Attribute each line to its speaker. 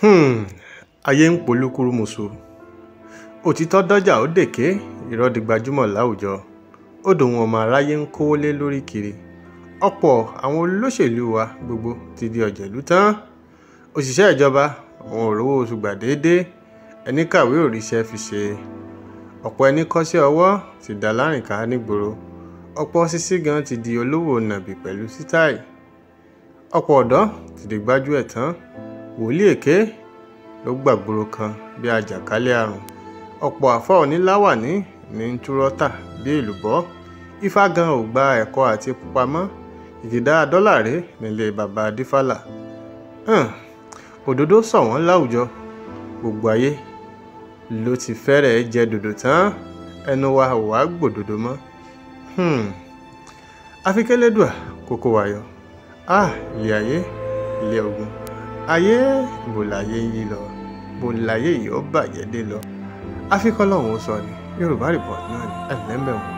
Speaker 1: Hmm, ayé ń polúkúrúmuṣu òtítọ́ dọ́jà ó dèké irọ́ di gbajúmọ̀ láwùjọ ó dòun ọmọ aráyé ń kówó lé lórí kiri ọ̀pọ̀ àwọn olóṣèlú wa gbogbo ti di ọ̀jẹ̀lú tán òṣìṣẹ́ ìjọba àwọn òrówó oṣù gbà déédéé ẹni kàwé òríṣẹ́ fi ṣe ọ̀pọ̀ ẹni kọ́ṣẹ́ ọwọ́ ti dà lárìnká nígboro ọ̀pọ̀ sisi gan ti di olówó nàbì pẹ̀lú sítáì ọ̀pọ̀ ọ̀dọ́ ti di gbájú ẹ̀ tán wòlíì èké ló gbàgbóró kan bí àjàkálẹ̀ àrùn ọ̀pọ̀ àfà oníláwàní ní ń túrọ́ tà bí èlùbọ́ ifá gan ò gba ẹ̀kọ́ àti pupa mọ́ ìdìdá dọ́là rè nílé baba adífàlà òdodo sọ wọ́n láwùjọ gbogbo ayé ló ti fẹ́rẹ̀ẹ́ jẹ dòdò tán ẹnu wa ò wá gbòdòdó mọ́ àfikẹ́lẹ́dùà hmm, kókó wayọ̀ ah ilé ayé ilé ogun ayé bò láyé yí lọ bò láyé yìí ó bàjẹ́ dé lọ àfikọ́ lọ́hùn ó sọ ni Yorùbá Report náà ni ẹ̀ lẹ́mẹ̀wọ̀n.